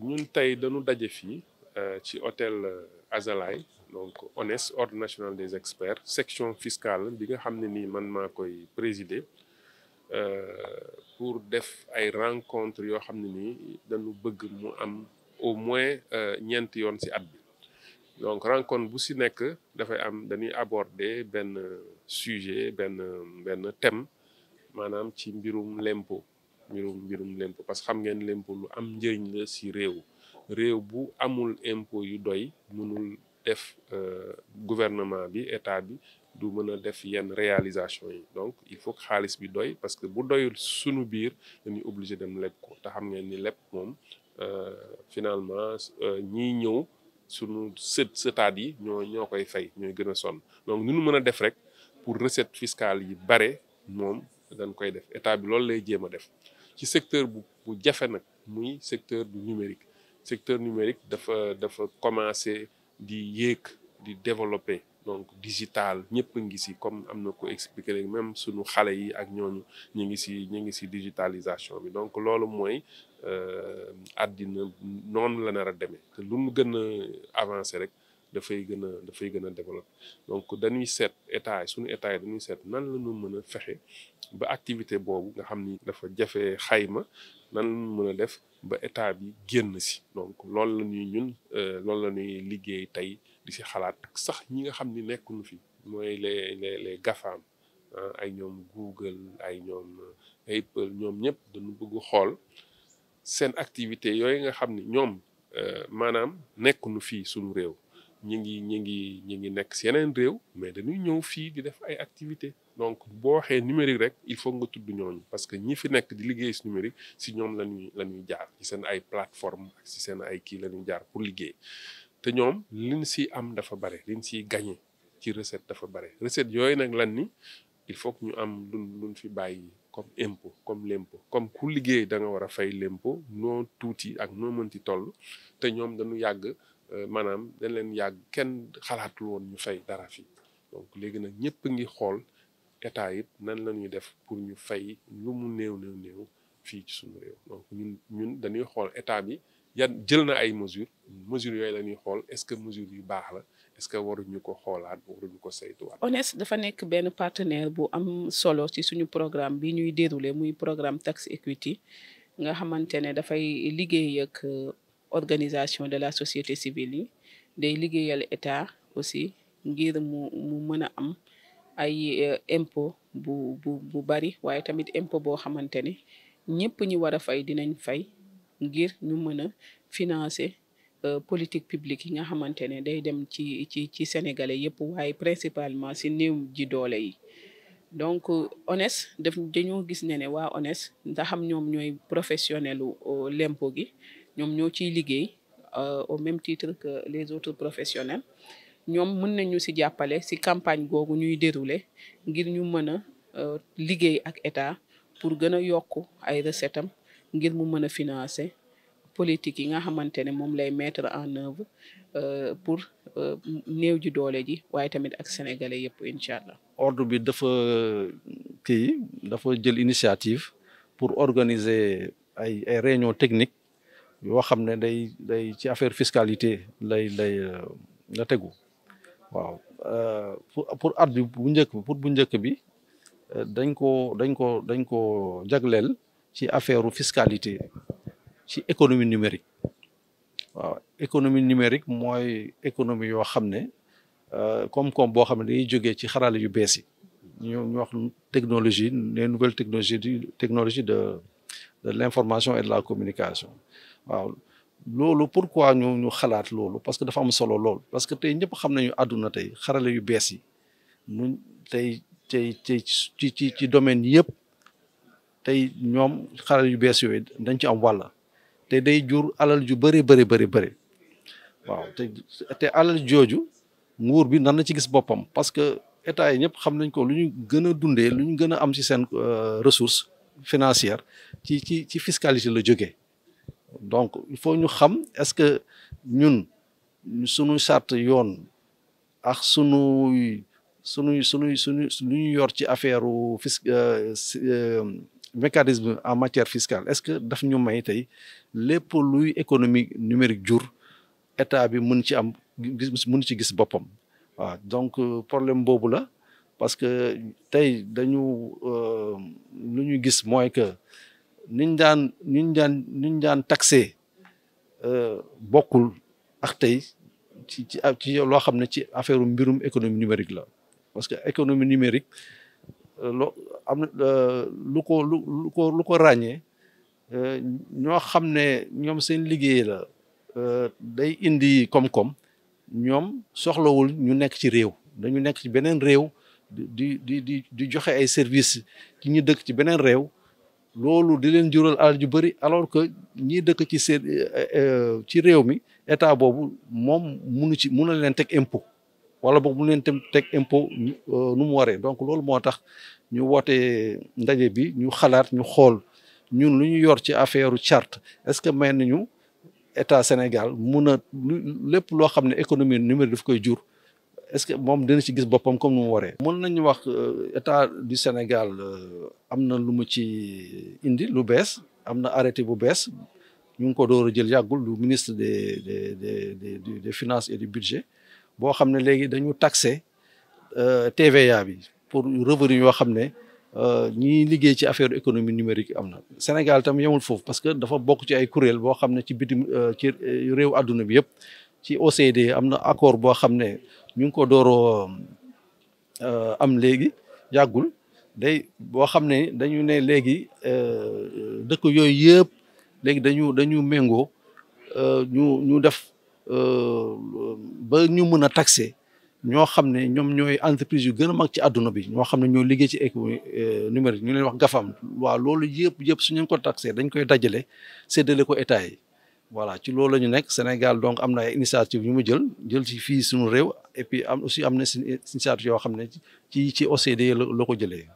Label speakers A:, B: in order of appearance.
A: ñun tey dañu daje fii euh, ci hôtel euh, Azalaï donc ONES ordre national des experts section fiscale bi nga xam ne nii man maa koy présider euh, pour def ay rencontre yoo xam ne nii dañu bëgg mu am au moins ñeenti yoon ci at bi donc rencontre bu ci nekk dafay am dañuy aborder benn sujet benn benn maanaam ci mbirum lempo mbirum mbirum lempo parce que xam ngeen lempo lu am njëriñ la si réew réew bu amul impôt yu doy mënul def euh, gouvernement bi état bi du mën a def yenn réalisation yi donc il faut que xaalis bi doy parce que bu doyul sunu biir dañuy obligé dem lekk ko te xam ngeen ni leb moom euh, finalement euh, ñiy ñëw sunu sët sëtaat yi ñoo ñoo koy fay ñooy gën a sonn donc nu nu mën a def rek pour recette fiscale yi bare moom dañ koy def état bi loolu lay jéem a def ci secteur bu bu jafe nag muy secteur du numérique secteur numérique dafa dafa commencé di yéeg di développer donc digital ñëpp ngi si comme am na ko expliquer léegi même suñu xale yi ak ñooñu ñu ngi si ñu ngi si digitalisation bi donc loolu mooy euh, àddina noonu la nar a demee te lu mu gën a avancé rek dafay gën a dafay gën a développé donc dañuy seet état yi suñu état yi dañuy seet nan la ñu mën a fexe ba activité boobu nga xam ni dafa jafe xayma nan la mën a def ba état bi génn si donc loolu la ñuy ñun euh, loolu la ñuy liggéey tey di si xalaat ak sax ñi nga xam ni nekkuñu fi mooy les les les GAFAM ah, ay ñoom Google ay ñoom euh, Apple ñoom ñëpp dañu bëgg xool seen activité yooyu nga xam ni ñoom euh, maanaam nekkunu fii sunu réew ñu ngi ñu ngi ñu ngi nekk si yeneen réew mais dañuy ñëw fii di def ay activités donc boo waxee numérique rek il faut nga tudd ñooñu parce que ñi fi nekk di liggéey si numérique si ñoom la ñuy la ñuy jaar ci seen ay plateforme ak seen ay kii la jaar pour liggéey te ñoom liñ si am dafa bare liñ siy gagné ci recette dafa bare recette yooyu nag lan ni il faut ñu am luñ luñ fi bàyyi comme impôt comme l'impôt comme ku liggéey da nga war a fay l'impôt noo tuuti ak noo mënti toll te ñoom dañu yàgg Euh, maanaam dañ leen yàgg kenn xalaatul woon ñu fay dara fii donc léegi nag ñëpp ngi xool état it nan la ñuy def pour ñu fay lu mu néew néew néew fii ci suñu réew ñun dañuy xool état bi yan jël na ay mesures mesures yooyu la ñuy xool est-ce que mesures yu baax la est-ce que waruñu ko xoolaat waruñu ko saytuwaat.
B: dafa nekk benn partenaire bu am solo ci suñu programme bi ñuy déroulé muy programme tax equity nga xamante ne dafay liggéey ak. organisation de la société civile yi day liggéeyal état aussi ngir mu mu mën a am ay euh, impôt bu bu bu bari waaye tamit impôt boo xamante ne ñëpp ñi war a fay dinañ fay ngir ñu mën a financer euh, politique publique yi nga xamante ne day dem ci ci ci sénégalais yëpp waaye principalement si néew ji doole yi donc euh, ONES daf dañoo gis ne ne ONES ndax ñoom ñooy professionnel u gi ñoom ñoo ciy liggéey euh, au même titre que les autres professionnels ñoom mën nañu ci jàppale si campagne googu ñuy dérouler ngir ñu mën a euh, liggéey ak état pour gën a yokk ay recettes am ngir mu mën a financer politique yi nga xamante ne moom lay mettre en œuvre euh, pour néew ji doole ji waaye tamit ak sénégalais yëpp incha allah.
C: ordre bi dafa kii dafa jël initiative pour organiser ay ay réunion technique yoo xam ne day day ci affaire fiscalité lay lay euh, la tegu waaw euh, pour pour at bi bu njëkk pour bu njëkk bi euh, dañ ko dañ ko dañ ko jagleel ci affaire fiscalité ci économie numérique waaw économie numérique mooy économie yoo xam ne koom-koom boo xam ne day jógee ci xarala yu bees yi ñu ñu wax technologie les nouvelles technologies technologie de de l'information et de la communication waaw loolu pourquoi ñu ñu xalaat loolu parce que dafa am solo lool parce que tey ñëpp xam nañu àdduna tey xarale yu bees yi ñun tey tey tey ci ci ci yëpp tey ñoom xarale yu bees yooyu dañ ci am wàll te day jur alal ju bëri bëri bëri bëri waaw te te alal jooju nguur bi nan na ci gis boppam parce que état yi ñëpp xam nañ ko lu ñu gën a dundee lu ñu gën a am ci seen euh, ressource financière ci ci ci fiscalité la jóge donc il faut ñu xam est-ce que ñun suñu sart yoon ak suñuy sunuy suñuy suñu lu ñu yor ci affaire fisc euh, euh, mécanisme en matière fiscale est-ce que daf ñu may tey lépp luy économie numérique jur état bi mun ci am mën ci gis boppam waaw donc euh, problème boobu la parce que tey dañu lu ñu gis mooy que niñ daan niñ daan niñ daan taxé euh, bokkul ak tey ci ci ci loo xam ne ci affaire mbirum économie numérique la parce que économie numérique euh, loo am euh, lu ko lu lu ko lu ko ñoo xam ne ñoom seen liggéey la day indi koom-koom ñoom soxlawul ñu nekk ci réew dañu nekk ci beneen réew di di di di joxe ay services ci ñu dëkk ci beneen réew loolu di leen jural alal ju bëri alors que ñii dëkk ci seen eh, eh, eh, ci réew mi état boobu moom munu ci mun na leen teg impôt wala boog mu leen teg impôt euh, nu mu waree donc loolu moo tax ñu woote ndaje bi ñu xalaat ñu xool ñun lu ñu yor ci affaire charte est-ce que may ñu état Sénégal mun a lépp loo xam ne économie numérique daf koy jur est-ce que moom dina ci gis boppam comme nu mu waree. mën nañu wax euh, état du Sénégal euh, am na lu mu ci indi lu bees am na arrêté bu bees ñu ngi ko door a jël yàggul lu ministre des de des des finance et du budget boo xam ne léegi dañu taxé euh, TVA bi pour revenu yoo xam ne. ñiy liggéey ci affaire économie numérique am na Sénégal tam yemul foofu parce que dafa bokk ci ay kuréel boo xam ne ci bitim ci réew àdduna bi yëpp ci OCDE am na accord boo xam ne ñu ngi ko dooroo euh, am léegi yàggul day boo xam ne dañu ne léegi euh, dëkk yooyu yëpp léegi dañu dañu méngoo euh, ñu ñu def ba ñu mën a taxé ñoo xam ne ñoom ñooy entreprise yu gën a mag ci àdduna bi ñoo xam ne ñoo liggéey ci économie yi ñu leen wax gafam waaw loolu yëpp yëpp suñu ko taxé dañ koy dajale séddale ko état yi voilà ci loolu la ñu nekk Sénégal donc am na ay initiative ñu mu jël jël ci fii suñu réew et puis am aussi am na si initiative yoo xam ne ci ci OCDE la ko jëlee